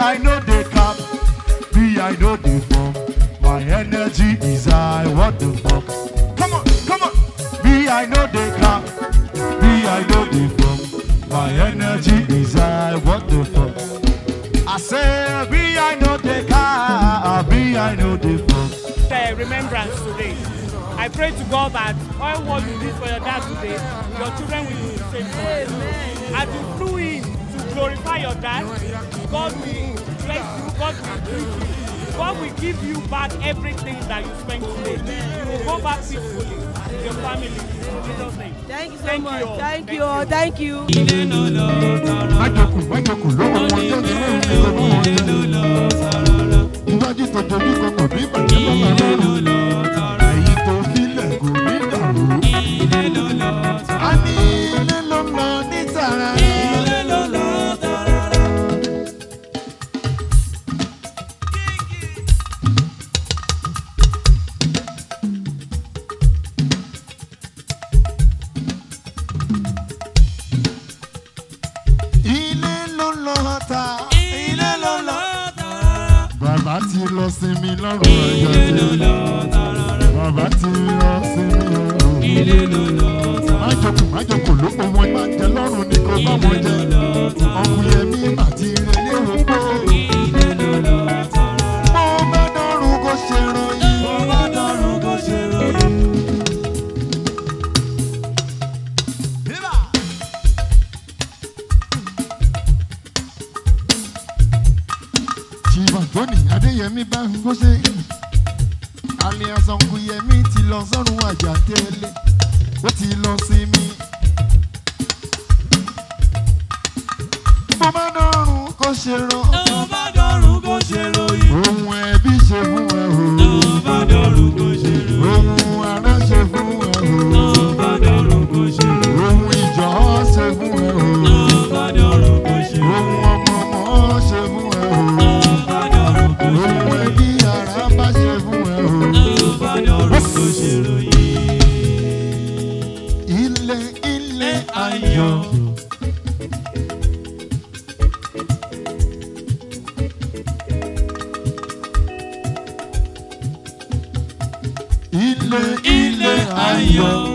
I know they come, Me, I know they bomb. My energy is high. What the fuck? Come on, come on. Me, I know they come, Me, I know they bomb. My energy is high. What the fuck? I say, me, I know they come, Me, I know they bomb. The remembrance today. I pray to God that all what you did for your dad today, your children will do the same. Amen. As you flew in glorify your dad. God will bless you. God will give you. God will give you back everything that you spent today. You will go back peacefully with your family. Thank you so Thank much. You Thank, Thank you all. Thank you. Májòkù májòkù lọ́wọ́ wọn memory. you.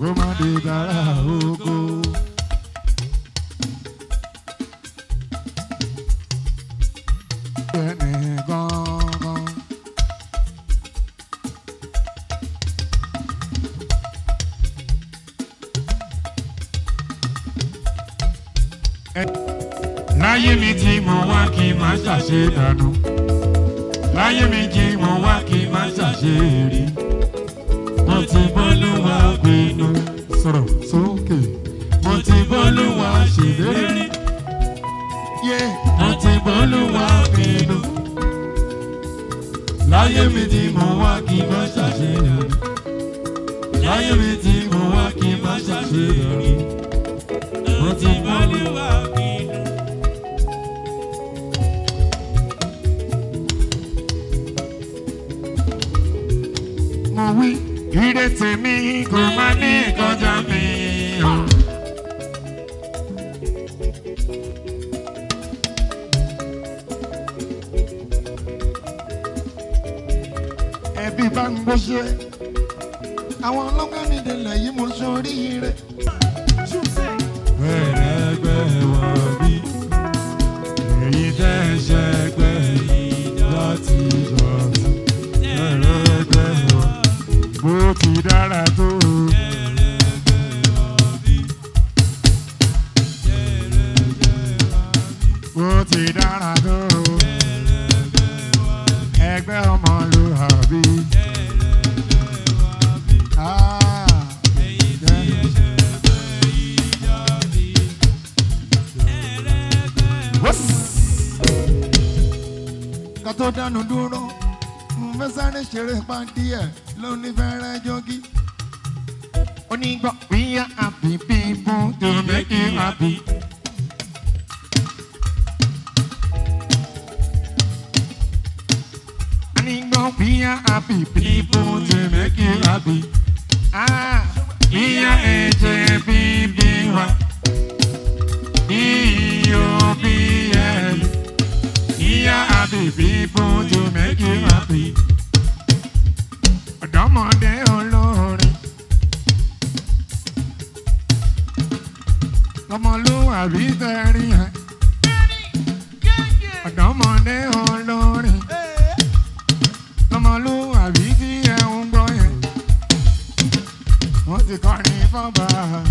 kó má di bàrà oko. Come on, ọmọlúwàbí tẹ̀rí yẹn on. olórin ọmọlúwàbí tí ẹ̀ ń gbọ́ yẹn wọ́n ti kọ́ ní fọ́bàá.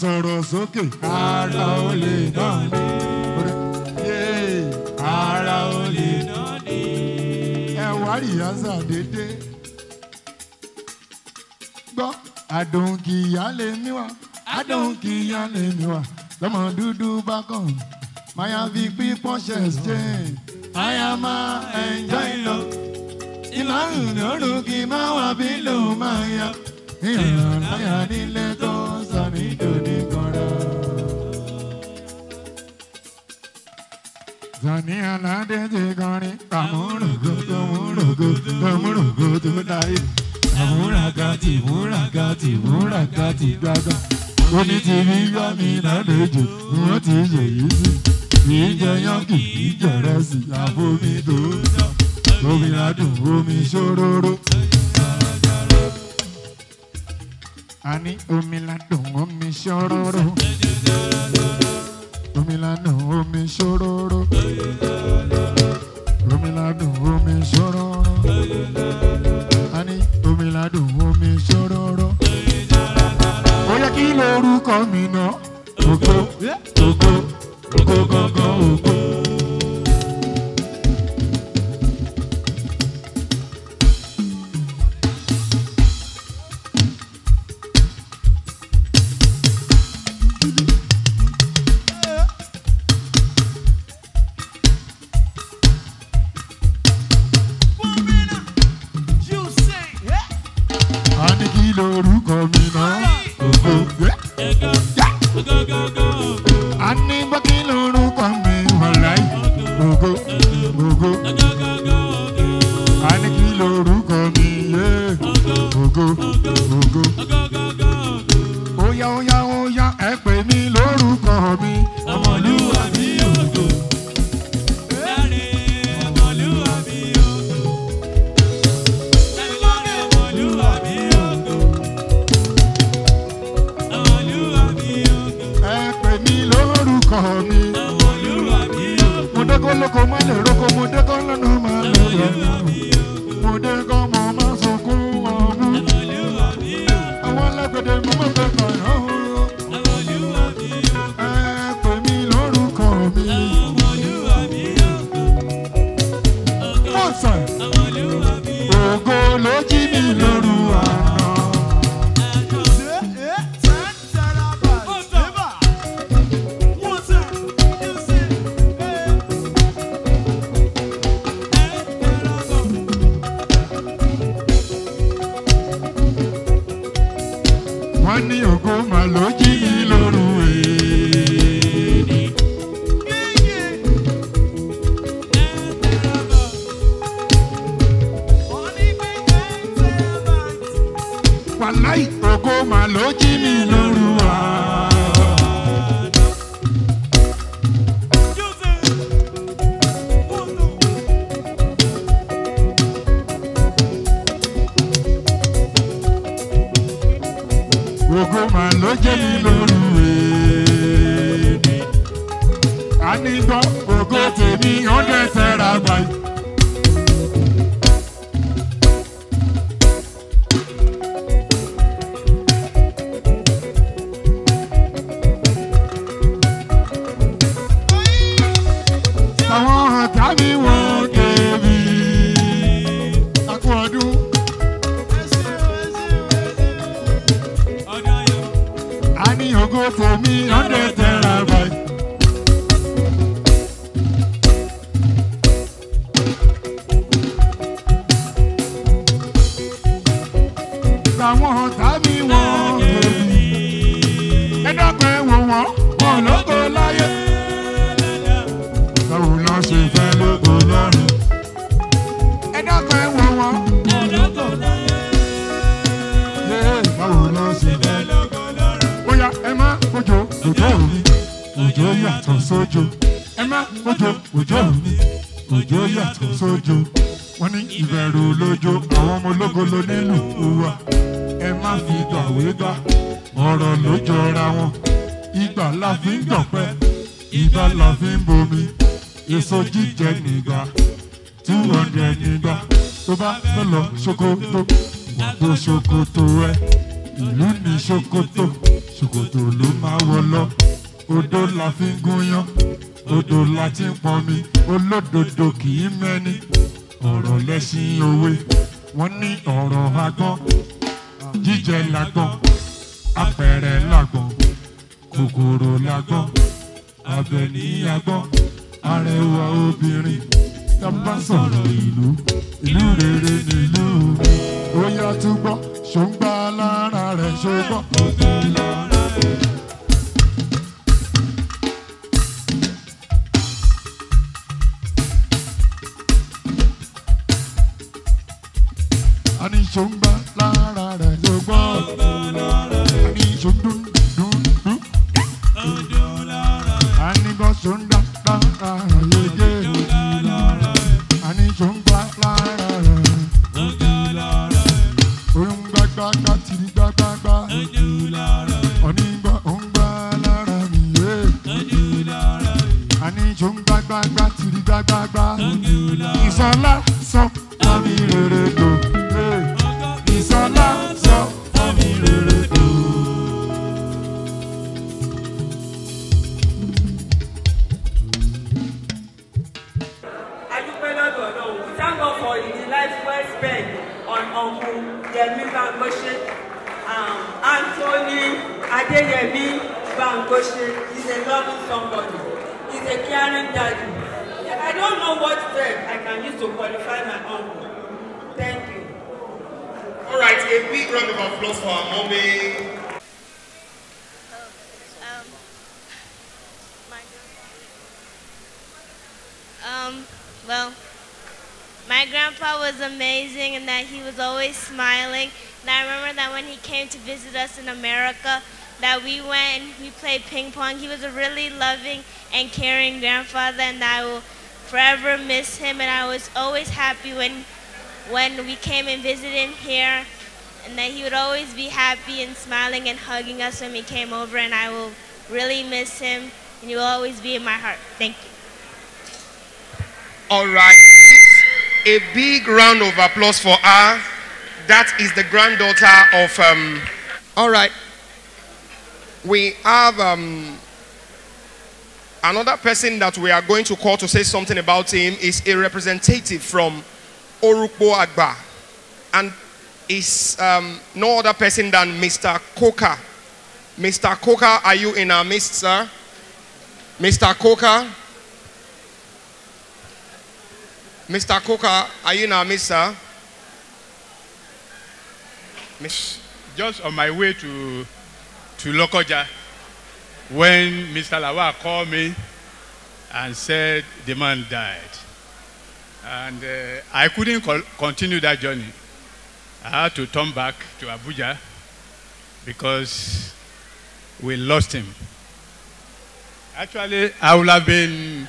sọ̀rọ̀ sókè. ara ò lè dán ni. ara ò lè dán ni. ẹ wá rìhásà dédé. gbọ́ àdùn kìyà lè mí wá àdùn kìyà lè mí wá lọ́mọ dúdú bá kàn mayavi pípọ́n ṣe ṣe mayama enjoy lọ ìlànà ọ̀rùn máa wà bí lòun máa yá ìyàrá yà nílé tó ń sọ ní Gani alade je gani kamuru gudu muru gudu kamuru gudu dai kamura gati mura gati mura gati gaga oni ti bi ba mi lálejò wọ́n ti ṣe yìí sí ìjẹ yankin ìjẹrẹsì àbomi dòótọ́ omi adùn omi ṣòróró. a omi ládùn omi ṣòróró omi ládùn omi ṣòróró omi ládùn omi ṣòróró a ní omi ládùn omi ṣòróró ó yẹ kí lórúkọ mi náà ògo ògo ògo gangan ògo. kan ni olódodo kì í mẹ́ni ọ̀rọ̀ lẹ́sìn òwe wọ́n ní ọ̀rọ̀ agbọ́n jíjẹ lágbọ́n apẹ̀rẹ̀ lágbọ́n kòkòrò lágbọ́n abẹ ní agbọ́n arẹwà obìnrin tá bá sọ̀rọ̀ ìlú ìlú rere nílùú mi ó yá túbọ̀ ṣó ń gbá lára rẹ̀ ṣó gbọ́. ìṣó la la la, rẹ̀ ló gbọ́ ní ìṣó dún dún dún. a ní bọ́ ṣó father, and I will forever miss him. And I was always happy when, when we came and visited here, and that he would always be happy and smiling and hugging us when we came over. And I will really miss him, and he will always be in my heart. Thank you. All right. A big round of applause for her. That is the granddaughter of. Um, all right. We have. Um, Another person that we are going to call to say something about him is a representative from Orukbo Agba. And is um, no other person than Mr. Coca. Mr. Coca, are you in our midst, sir? Mr. Coca. Mr. Coca, are you in our midst, sir? Miss? Just on my way to, to Lokoja when Mr. Lawal called me and said the man died. And uh, I couldn't co continue that journey. I had to turn back to Abuja because we lost him. Actually, I would have been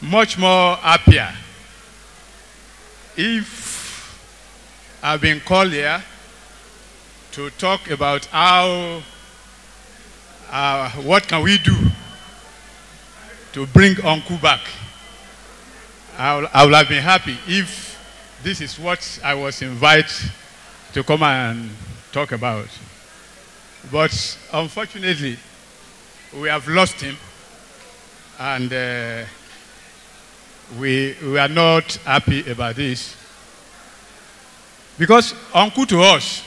much more happier if I've been called here to talk about how uh, what can we do to bring uncle back? I would, have been happy if this is what I was invited to come and talk about. But unfortunately, we have lost him and uh, we, we are not happy about this. Because uncle to us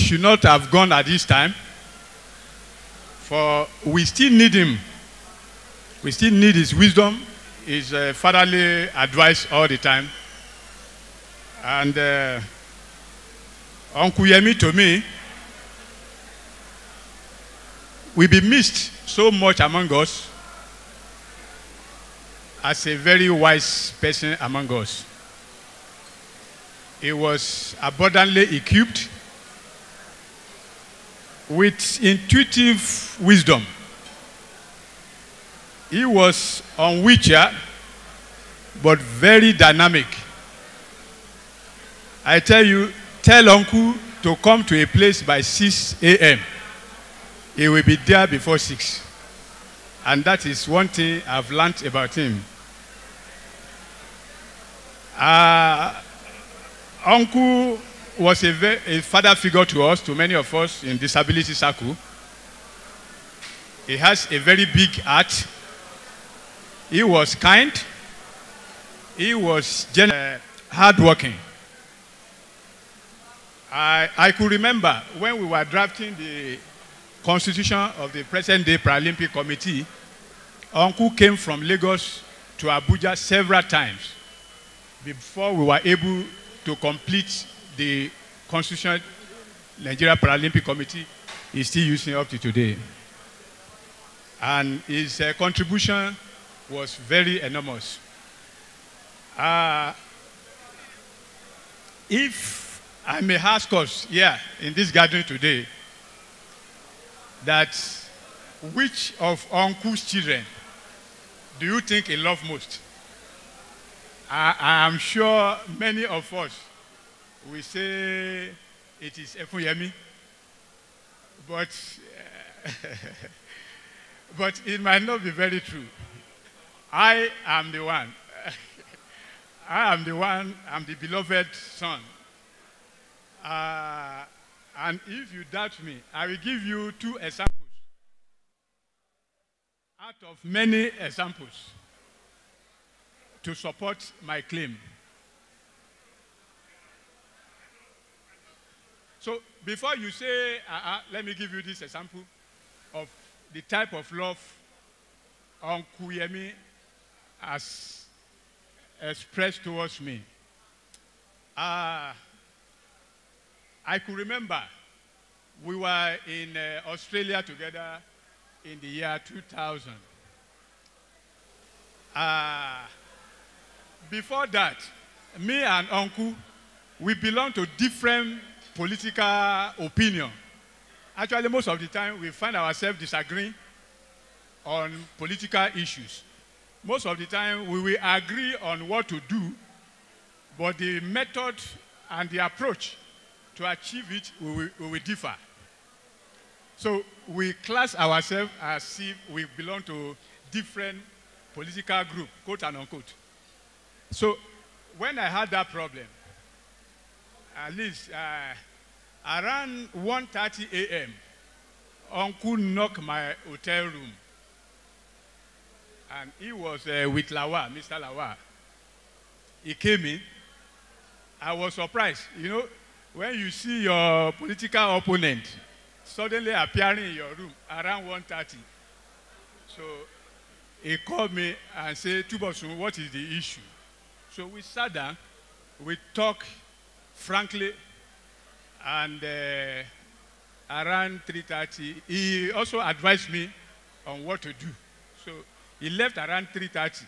should not have gone at this time. For we still need him. We still need his wisdom, his uh, fatherly advice all the time. And uh, Uncle Yemi to me will be missed so much among us as a very wise person among us. He was abundantly equipped with intuitive wisdom. He was on wheelchair, but very dynamic. I tell you, tell uncle to come to a place by 6 a.m. He will be there before 6. And that is one thing I've learned about him. Uh, uncle was a, very, a father figure to us, to many of us in disability circle. He has a very big heart. He was kind. He was uh, hardworking. I, I could remember when we were drafting the constitution of the present day Paralympic Committee, Uncle came from Lagos to Abuja several times before we were able to complete the Constitution Nigeria Paralympic Committee is still using up to today. And his uh, contribution was very enormous. Uh, if I may ask us here in this gathering today, that which of uncle's children do you think he loved most? I, I am sure many of us we say it is Ekuyemi, but, uh, but it might not be very true. I am the one. I am the one, I'm the beloved son. Uh, and if you doubt me, I will give you two examples out of many examples to support my claim. So before you say, uh -uh, let me give you this example of the type of love Uncle Yemi has expressed towards me. Uh, I could remember we were in uh, Australia together in the year 2000. Uh, ah, before that, me and Uncle, we belonged to different political opinion. Actually, most of the time, we find ourselves disagreeing on political issues. Most of the time, we will agree on what to do, but the method and the approach to achieve it, we will, we will differ. So we class ourselves as if we belong to different political group, quote and unquote. So when I had that problem, at least uh, around 1.30 a.m., Uncle knocked my hotel room. And he was uh, with Lawa, Mr. Lawa. He came in. I was surprised. You know, when you see your political opponent suddenly appearing in your room around 1.30. So he called me and said, Tubosun, what is the issue? So we sat down. We talked frankly and uh, around 3.30, he also advised me on what to do. So he left around 3.30.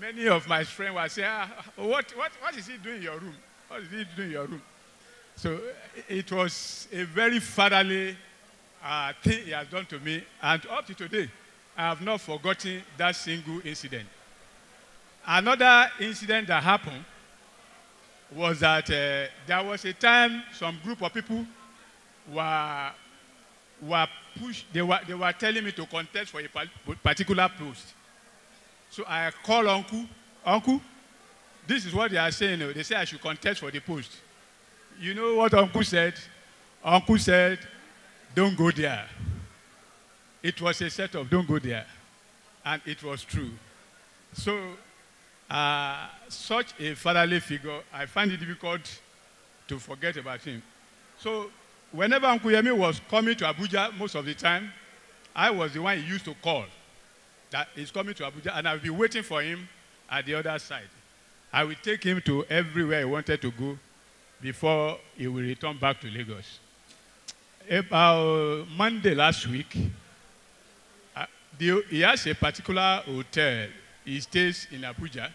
Many of my friends were saying, ah, what, what, what is he doing in your room? What is he doing in your room? So it was a very fatherly uh, thing he has done to me. And up to today, I have not forgotten that single incident. Another incident that happened was that uh, there was a time some group of people were, were pushed, they were, they were telling me to contest for a particular post. So I called Uncle, Uncle, this is what they are saying. Oh, they say I should contest for the post. You know what Uncle said? Uncle said, don't go there. It was a set of don't go there. And it was true. So uh, such a fatherly figure, I find it difficult to forget about him. So whenever Uncle Yemi was coming to Abuja most of the time, I was the one he used to call that he's coming to Abuja, and I'll be waiting for him at the other side. I will take him to everywhere he wanted to go before he will return back to Lagos. About Monday last week, uh, the, he has a particular hotel he stays in Abuja.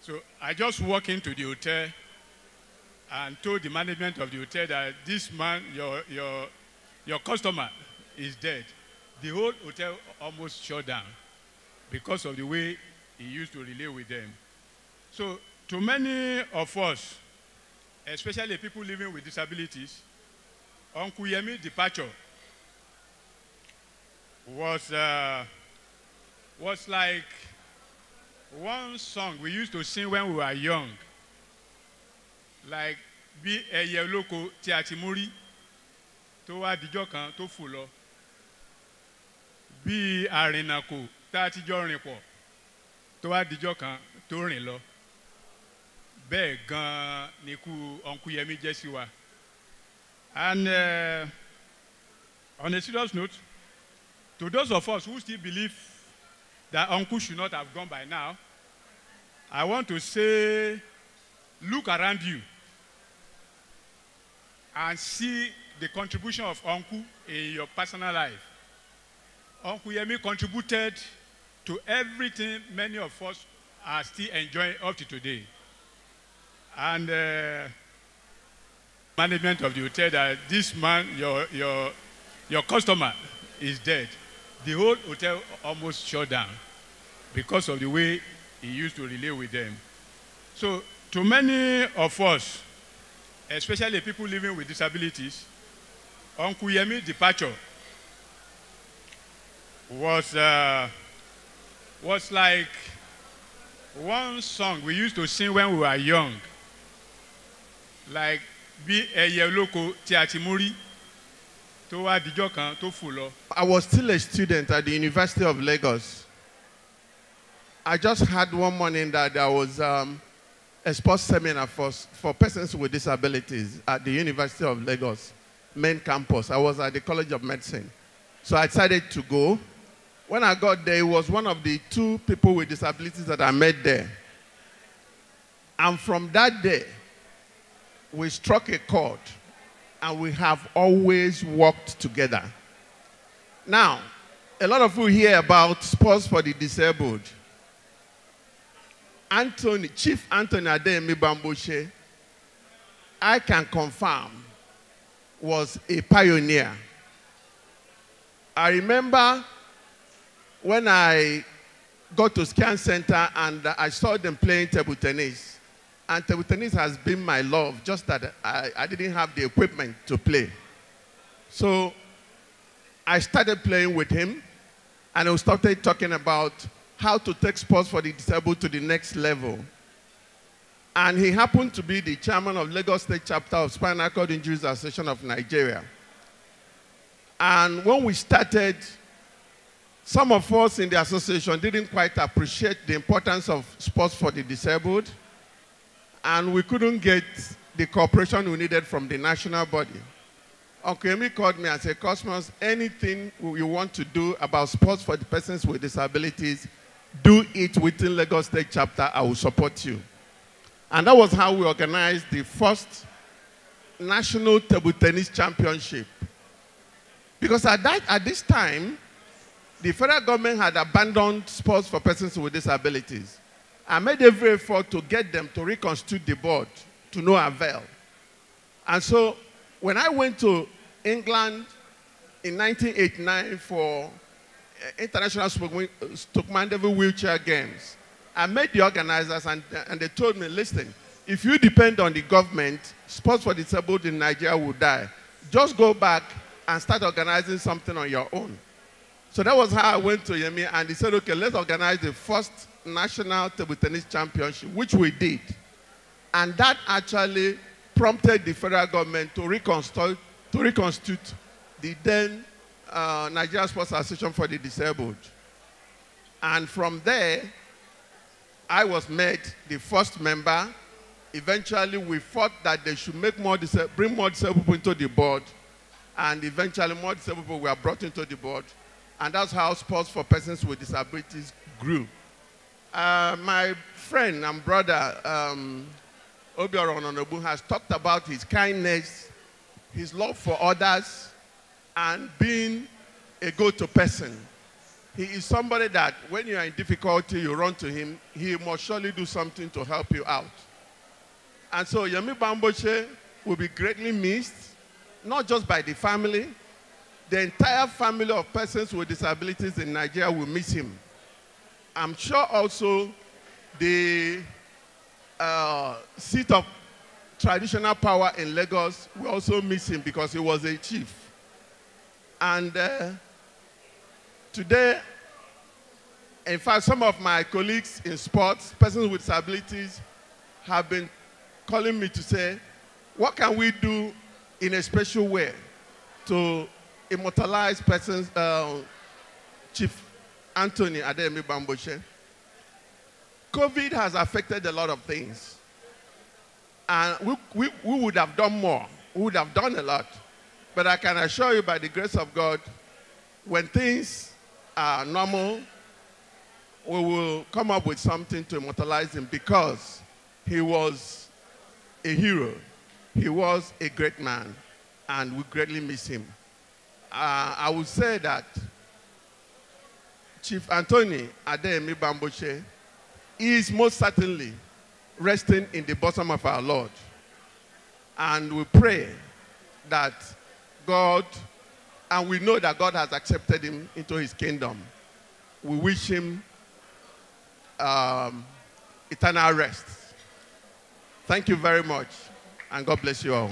So I just walked into the hotel and told the management of the hotel that this man, your, your, your customer, is dead. The whole hotel almost shut down because of the way he used to relate with them. So to many of us, especially people living with disabilities, Uncle Yemi's departure was, uh, was like One song we used to sing when we were young, like bí ẹyẹ olóko tí a ti mú rí tó wá dijọ́ kan tó fò lọ bí àrìnàkò tá a ti jọ rìn pọ̀ tó wá dijọ́ kan tó rìn lọ bẹ́ẹ̀ gan ni ikú ọ̀nkúyẹmí jẹ́ sí wa. And uh, on a serious note, to those of us who still believe that uncle should not have gone by now. I want to say, look around you and see the contribution of uncle in your personal life. Uncle Yemi contributed to everything many of us are still enjoying up to today. And uh, management of the hotel that this man, your, your, your customer, is dead. the whole hotel almost shut down because of the way he used to relate with them. So to many of us, especially people living with disabilities, Uncle Yemi's departure was, uh, was like one song we used to sing when we were young, like Bí ẹyẹ olóko tí a ti tó wá dijọ́ kan tó fò lọ. I was still a student at the University of Lagos. I just had one morning that there was um, a sports seminar for, for persons with disabilities at the University of Lagos main campus. I was at the College of Medicine. So I decided to go. When I got there, it was one of the two people with disabilities that I met there. And from that day, we struck a chord. and we have always worked together. Now, a lot of you hear about sports for the disabled. Anthony, Chief Anthony Ademi Bamboshe, I can confirm, was a pioneer. I remember when I got to Scan Center and I saw them playing table tennis. And table tennis has been my love, just that I, I didn't have the equipment to play. So I started playing with him, and we started talking about how to take sports for the disabled to the next level. And he happened to be the chairman of Lagos State Chapter of Spinal Cord Injuries Association of Nigeria. And when we started, some of us in the association didn't quite appreciate the importance of sports for the disabled and we couldn't get the cooperation we needed from the national body. Uncle Emi called me and said, Cosmos, anything you want to do about sports for the persons with disabilities, do it within Lagos State chapter. I will support you. And that was how we organized the first national table tennis championship. Because at, that, at this time, the federal government had abandoned sports for persons with disabilities. I made every effort to get them to reconstitute the board to no avail. And so when I went to England in 1989 for eh, International Mandeville Wheelchair Games, I met the organizers and, and they told me, listen, if you depend on the government, sports for disabled in Nigeria will die. Just go back and start organizing something on your own. So that was how I went to Yemi and he said, okay, let's organize the first national table tennis championship, which we did. And that actually prompted the federal government to reconstitute, to reconstitute the then uh, Nigeria Sports Association for the Disabled. And from there, I was made the first member. Eventually, we thought that they should make more bring more disabled people into the board. And eventually, more disabled people were brought into the board. And that's how Sports for Persons with Disabilities grew. Uh, my friend and brother, um, Obiora has talked about his kindness, his love for others, and being a go-to person. He is somebody that when you are in difficulty, you run to him. He must surely do something to help you out. And so Yemi Bamboche will be greatly missed, not just by the family. The entire family of persons with disabilities in Nigeria will miss him. I'm sure also the uh, seat of traditional power in Lagos will also miss him because he was a chief. And uh, today, in fact, some of my colleagues in sports, persons with disabilities, have been calling me to say, what can we do in a special way to immortalize persons, uh, Chief Anthony Ademi Bamboshe. COVID has affected a lot of things. And we, we, we would have done more. We would have done a lot. But I can assure you by the grace of God, when things are normal, we will come up with something to immortalize him because he was a hero. He was a great man, and we greatly miss him. Uh, I would say that Chief Anthony Ademi Bamboche is most certainly resting in the bosom of our Lord. And we pray that God, and we know that God has accepted him into his kingdom. We wish him um, eternal rest. Thank you very much, and God bless you all.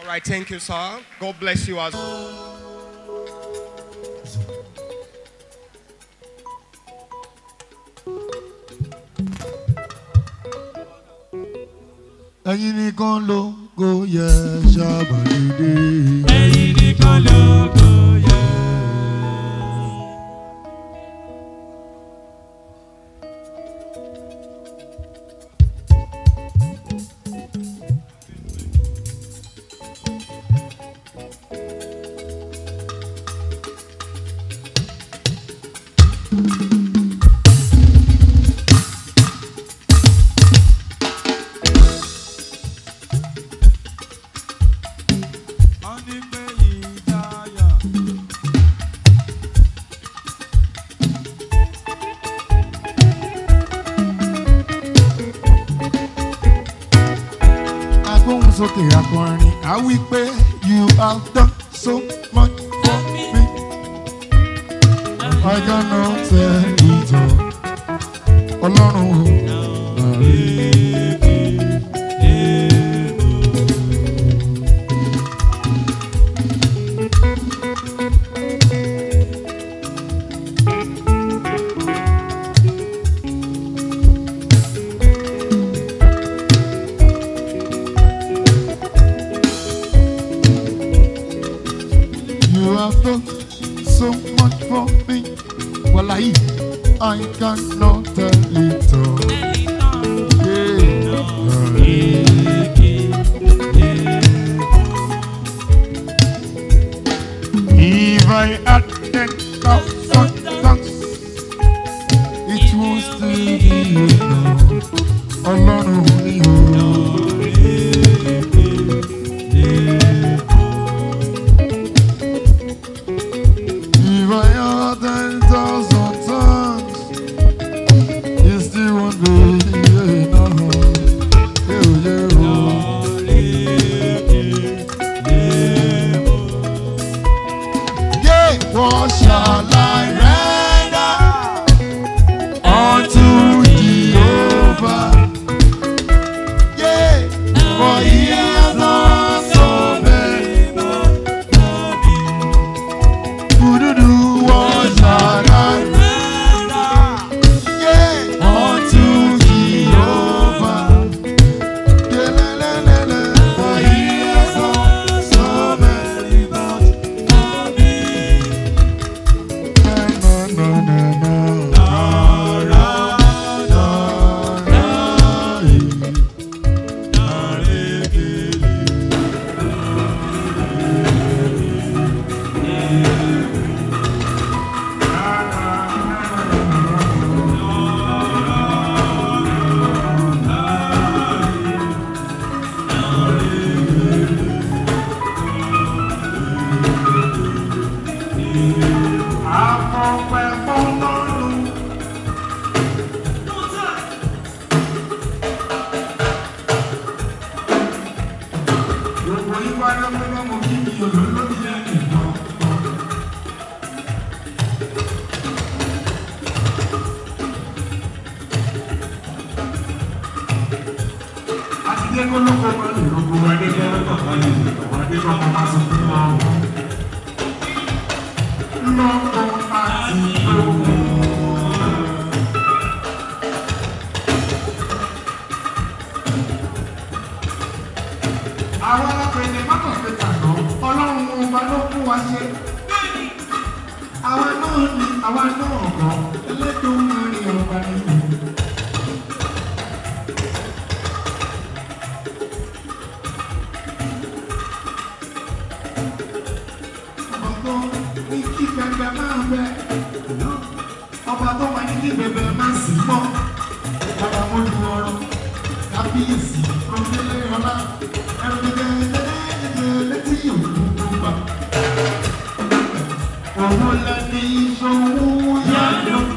All right, thank you, sir. God bless you as well. ẹ̀yin nìkan lógo yẹ ṣàbàlùdé. ẹ̀yin nìkan lógo. cry at ten thousand thanks. It will still be enough. Ọlọ́run. ọgbọ́n ní kí bẹ̀bẹ̀ máa bẹ mo lu ọrọ̀ kábíyèsí ọ̀dẹ́lẹ̀ ọlá ẹ̀rọ gẹ́gẹ́ ẹ̀ẹ́dẹ́gbẹ́ létí òkú gbà. òun lẹni ìṣòwò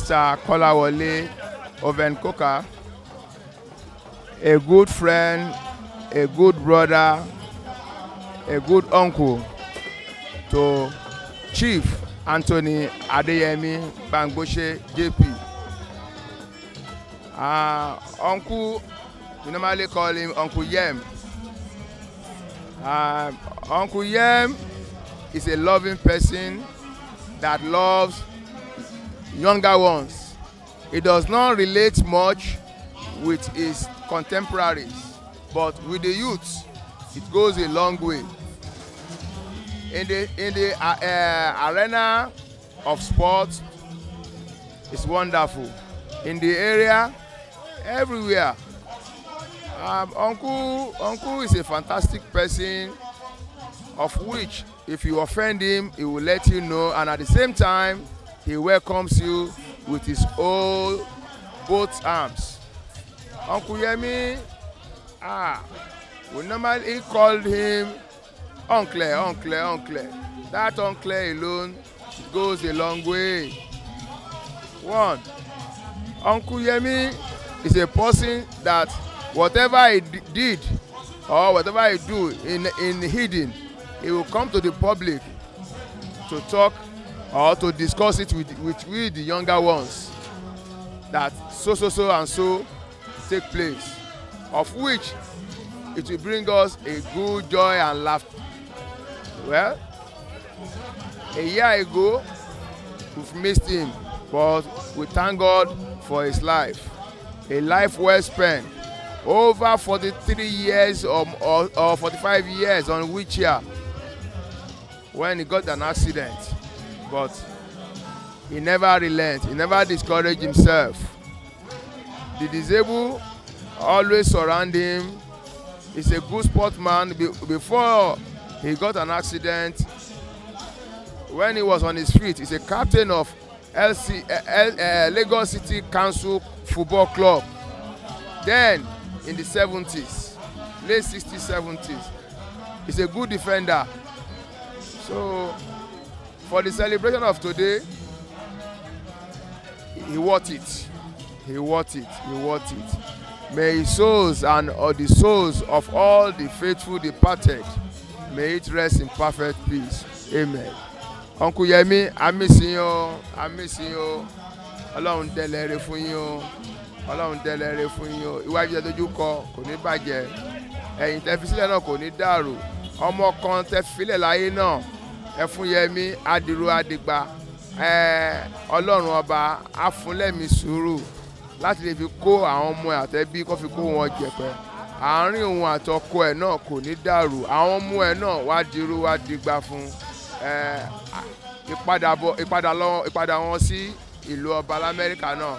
Mr. Kolawole Ovenkoka, a good friend, a good brother, a good uncle to Chief Anthony Adeyemi Bangoshe JP. Uh, uncle, we normally call him Uncle Yem. Uh, Uncle Yem is a loving person that loves younger ones. He does not relate much with his contemporaries, but with the youth, it goes a long way. In the, in the uh, uh, arena of sports, it's wonderful. In the area, everywhere. Um, uncle, uncle is a fantastic person of which if you offend him, he will let you know and at the same time, He welcomes you with his whole both arms. Uncle Yemi, ah, we normally called him Uncle, Uncle, Uncle. That Uncle alone goes a long way. One, Uncle Yemi is a person that whatever he did or whatever he do in in hidden, he will come to the public to talk or to discuss it with with we the younger ones that so so so and so take place of which it will bring us a good joy and laugh. well a year ago we missed him but we thank God for his life a life well spent over forty-three years or, or, or forty-five years on wheelchair when he got an accident but he never relent he never discourage himself the disabled always surround him he's a good sportsman Be before he got an accident when he was on his feet he's a captain of LC, uh, uh, Lagos City Council Football Club then in the 70s late 60s 70s he's a good defender so for the celebration of today he worth it he worth it he worth it may his souls and all the souls of all the faithful departed may it rest in perfect peace amen uncle yemi amísìn o amísìn o ọlọ́run dẹlẹ́rẹ́ fún yín o ọlọ́run dẹlẹ́rẹ́ fún yín o iwájú ẹ dojú kọ kò ní bàjẹ́ ẹ̀yìn tẹ́ fi sílẹ̀ náà kò ní dàrú ọmọ kan tẹ́ láyé náà ẹfúnyẹmí adìrú adìgbà ẹ ọlọ́run ọba afúnlẹ̀mí sùúrù láti lè fi kó àwọn ọmọ àtẹ́bí kó fi kó wọn jẹ̀pẹ́ àárín òun àtọkọ ẹ̀ náà kò ní dàrú àwọn ọmọ ẹ̀ náà wá dirú wá digba fún ìpadàbọ̀ ìpadà wọn sí ìlú ọba lamẹ́ríkà náà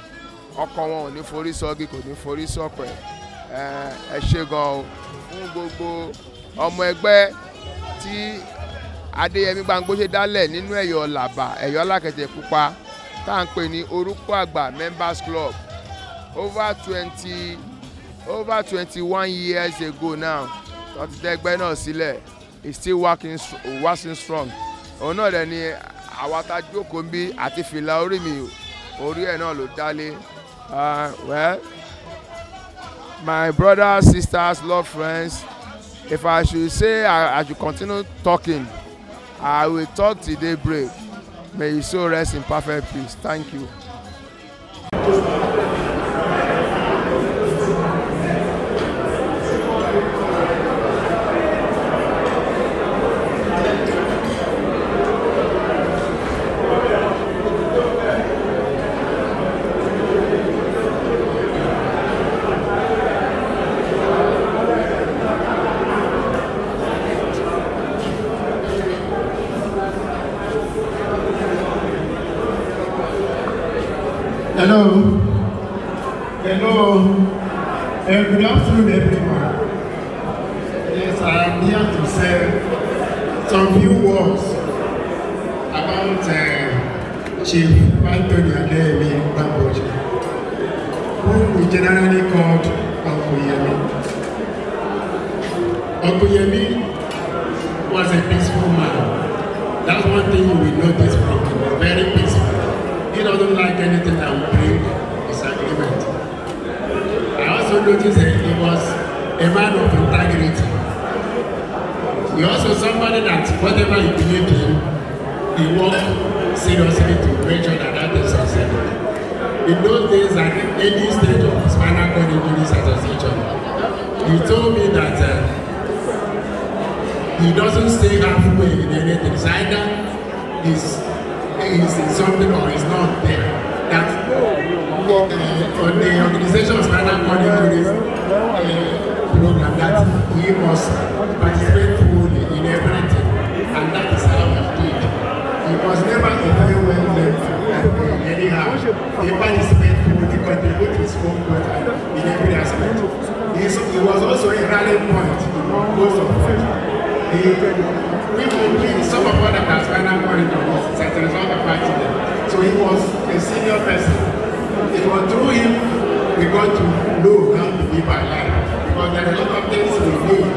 ọkọ wọn ò ní forí sọ́gi kò ní forí sọ́pẹ̀ ẹ ṣe gan o fún gbogbo ọmọ ẹgbẹ́ tí adéyẹmí gbangbóṣe dálẹ̀ nínú ẹ̀yọ́ làbà ẹ̀yọ́ alákẹ̀tẹ̀ pupa tá à ń pè ní orúkọ àgbà members club over twenty over twenty one years ago now tó ti dá ẹgbẹ́ náà sílẹ̀ is still working, working strong òun náà dẹ̀ ni àwa jókòó bí àti fìlà orí mi orí ẹ̀ náà ló dálé ah, well my brothers sisters love friends if I should say I, I should continue talking. I will talk till daybreak. May you so rest in perfect peace. Thank you. generally called Okoyemi. Okoyemi was a peaceful man. That's one thing you will notice from him. Very peaceful. He doesn't like anything that will bring disagreement. I also noticed that he was a man of integrity. He also somebody that whatever he believed in, he worked seriously to make sure that that is successful in those days at any stage of spinal cord injuries association he told me that uh, he doesn't stay halfway in anything it's either he's he's in something or he's not there that uh, on the organization of spinal cord injuries uh, program that he must participate fully in everything and that is how he did he was never a very well left Anyhow, the punishment for the contributors for water in every aspect. This, it was also a rallying point in most of water. The people, please, some of what about spinal corridor was as a result of them. So he was a senior person. It was through him we got to know how to live our life. Because there are a lot of things we need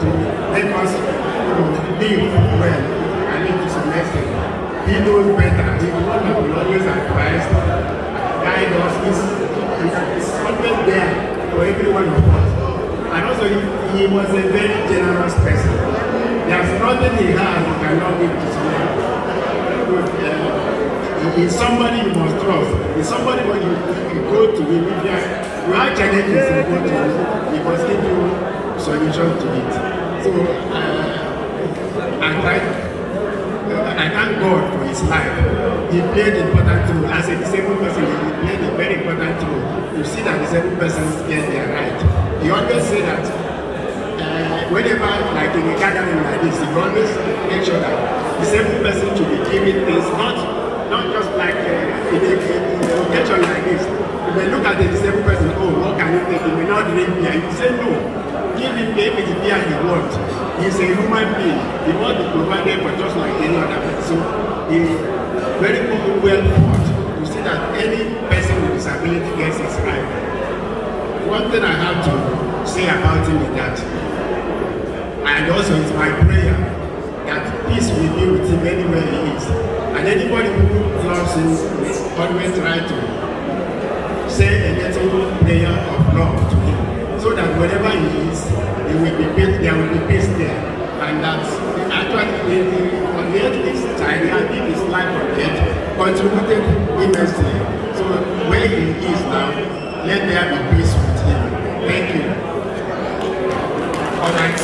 to help us you know, live well and live to some extent. He knows better. He will always advise, guide us. He's, he's not there for everyone of us. And also, he, he, was a very generous person. There's nothing he has he cannot give to someone. He's uh, somebody you must trust. He's somebody when you, you go to him, if you go to, he must give you solution to it. So, uh, thank God for his life. He played an important role. As a disabled person, he played a very important role. You see that disabled persons get their right. He always say that uh, whenever, like in a gathering like this, he always make sure that disabled person should be given things, not, not just like uh, in a, in occasion like this. You may look at the disabled person, oh, what can you take? He may not drink beer. You say no. Give him the engineer he wants. He's a human being. He wants to provide for just like any other person. he very well thought to see that any person with disability gets his right. One thing I have to say about him is that, and also it's my prayer, that peace will be with him anywhere he is. And anybody who loves him will always try to say a little prayer of love that whatever it is, they will be paid, there will be peace there. And that actually the, on the earth is China, it his life on earth, contributed immensely. So where he is now, let there be peace with him. Thank you. All right.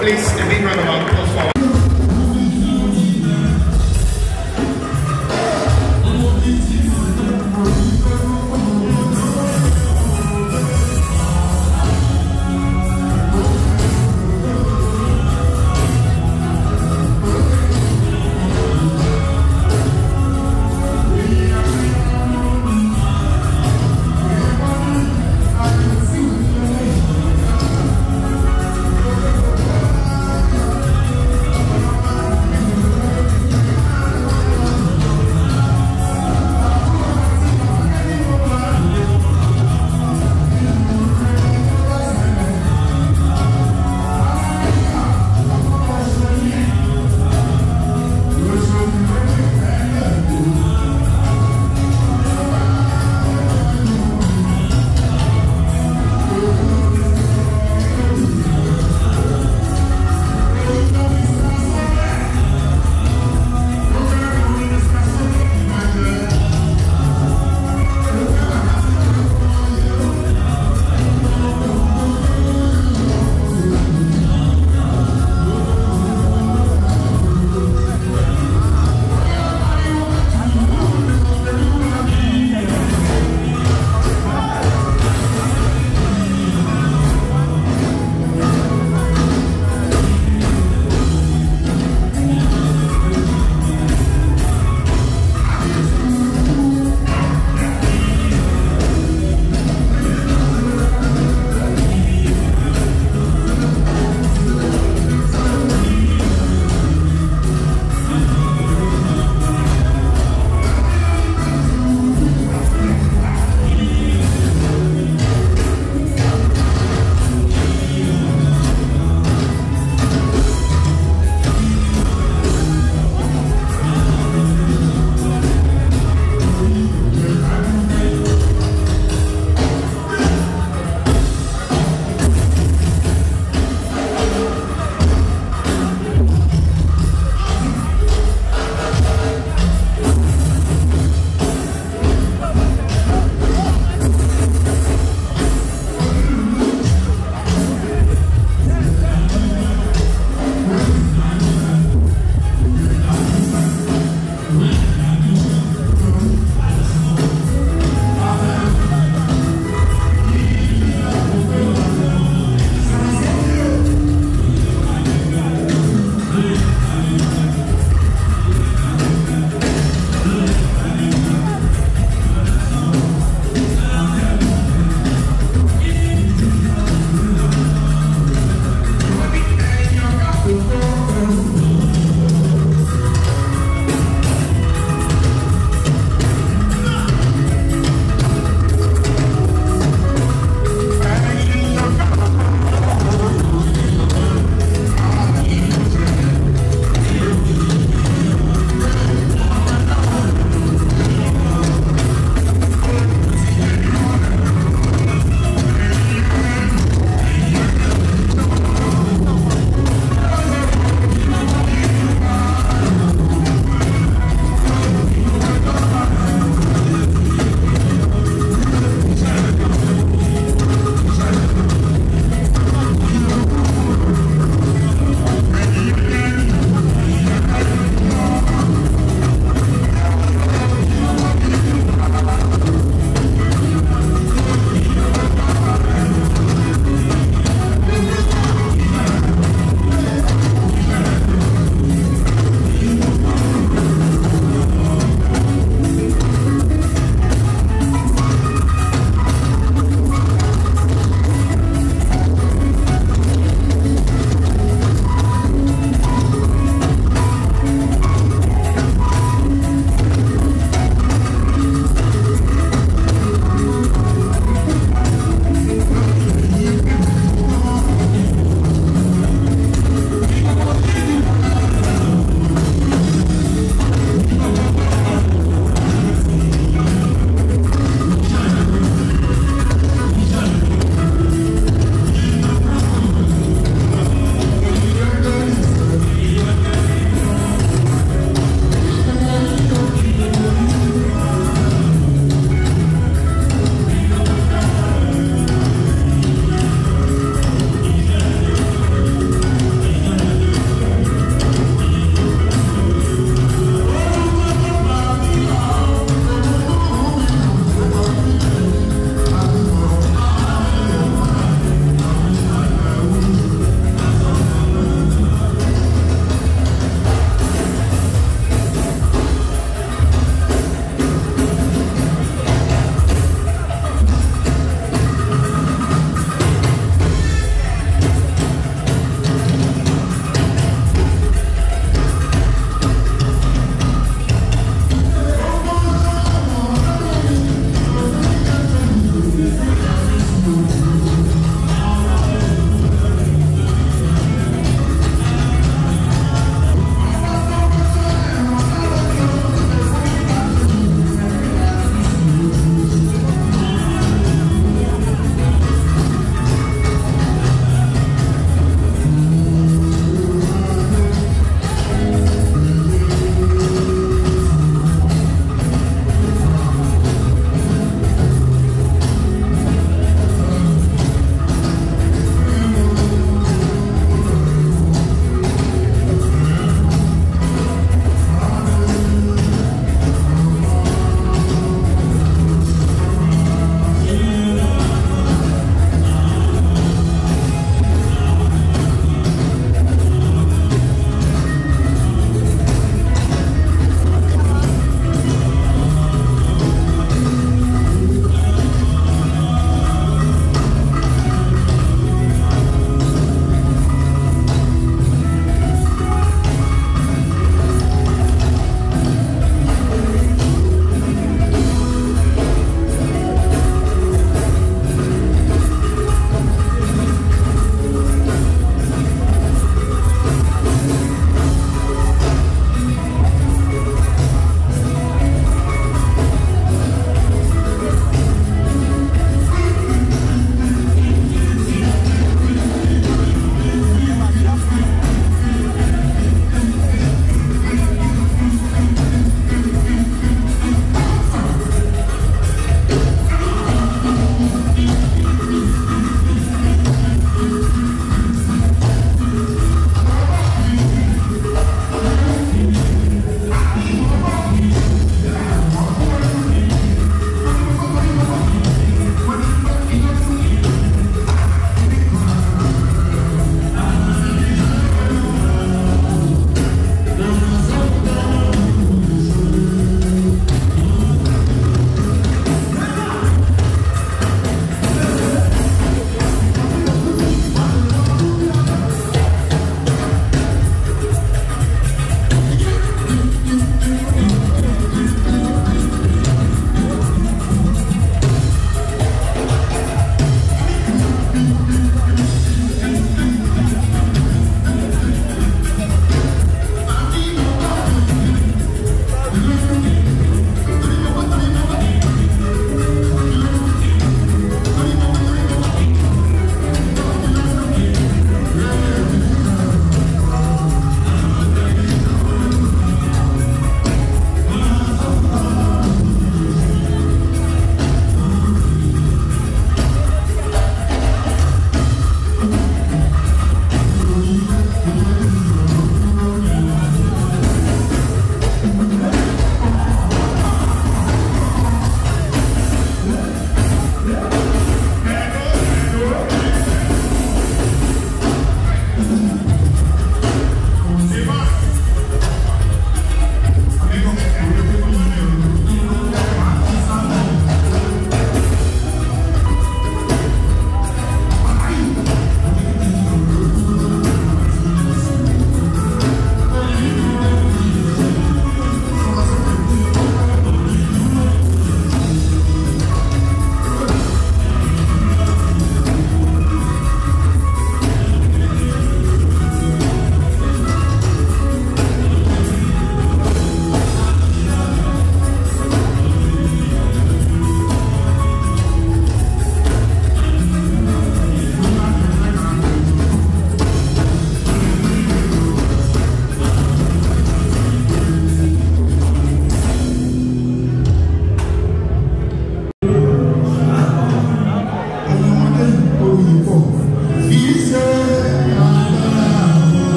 Please, a big round of applause for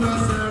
you.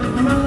Come on.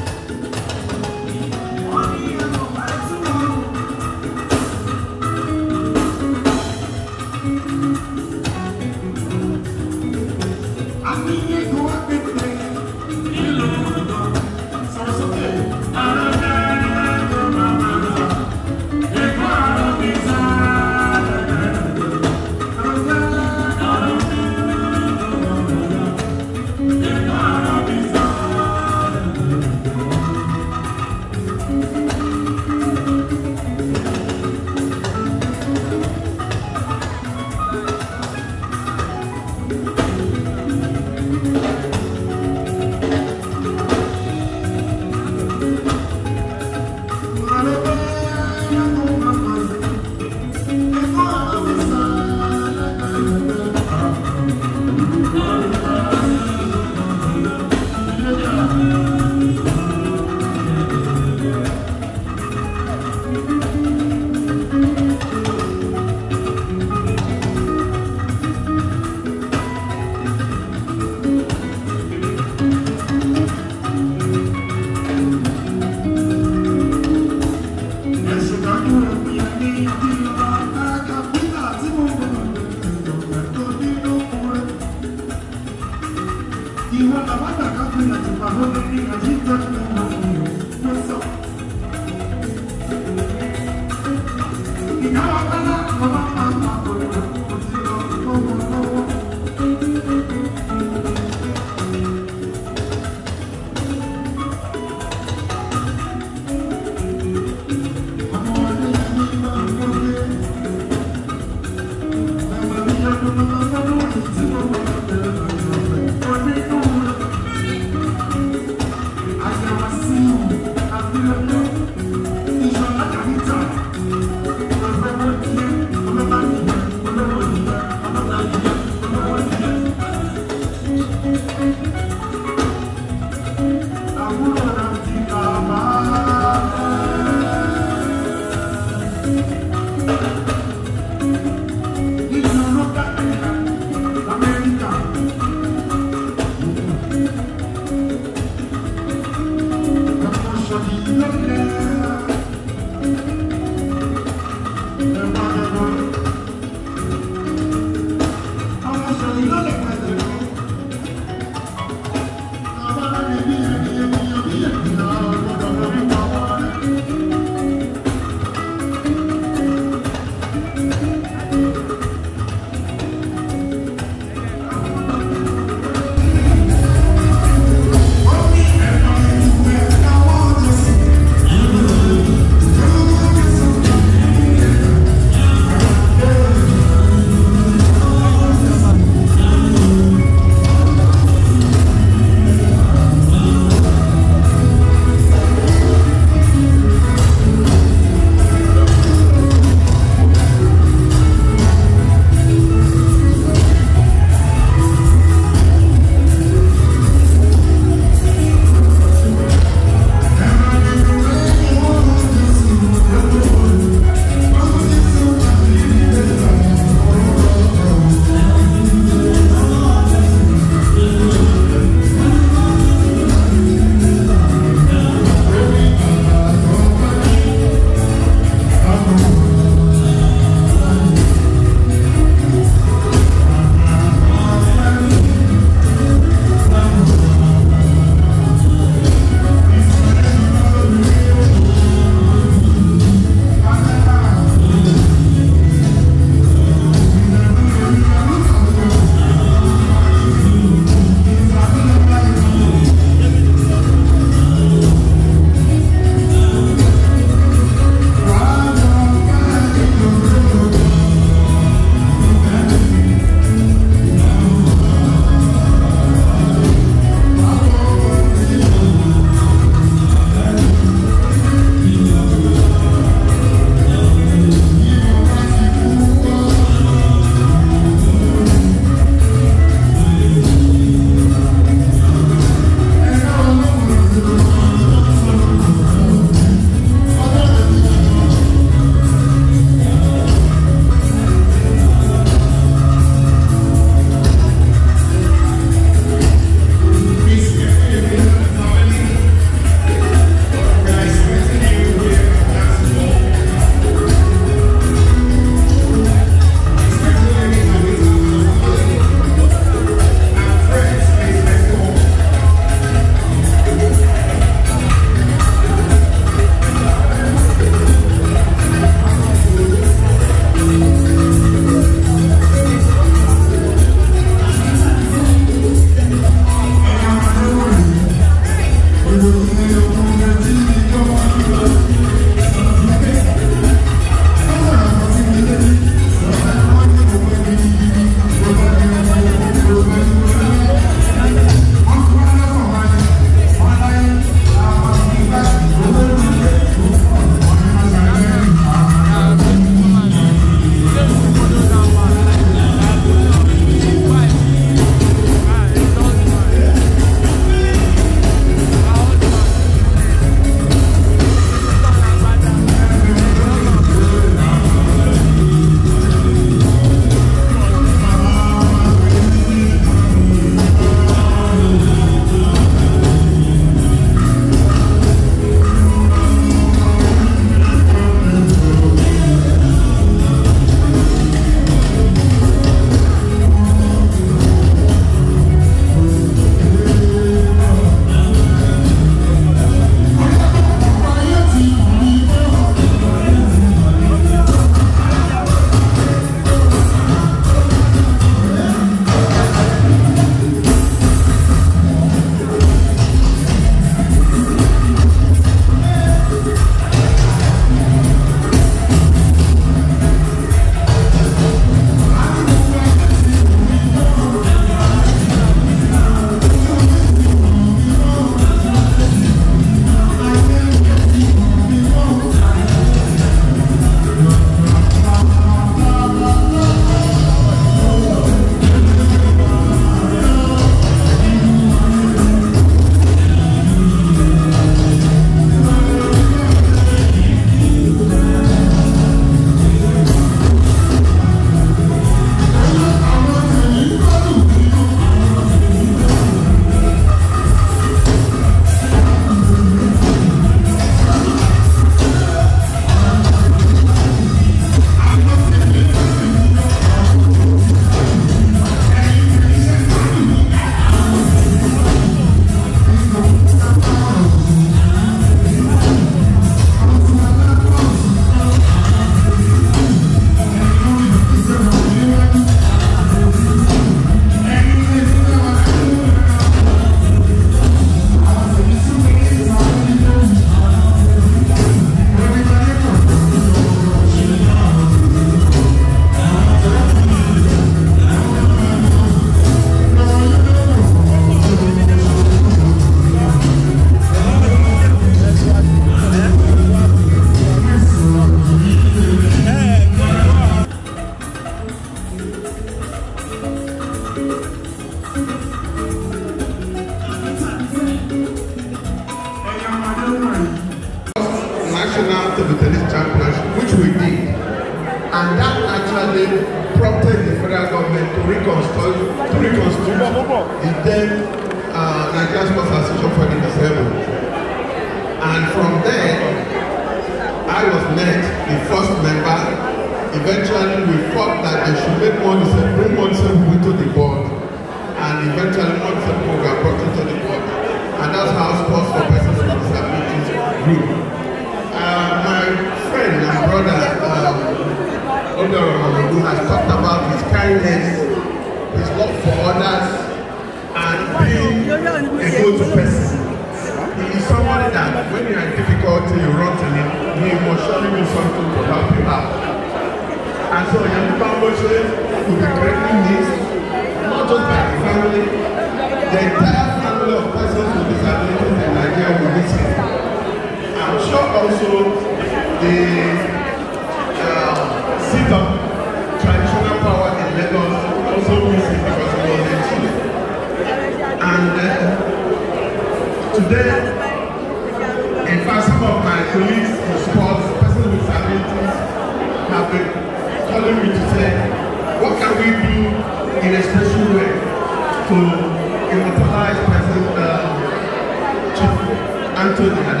Gracias.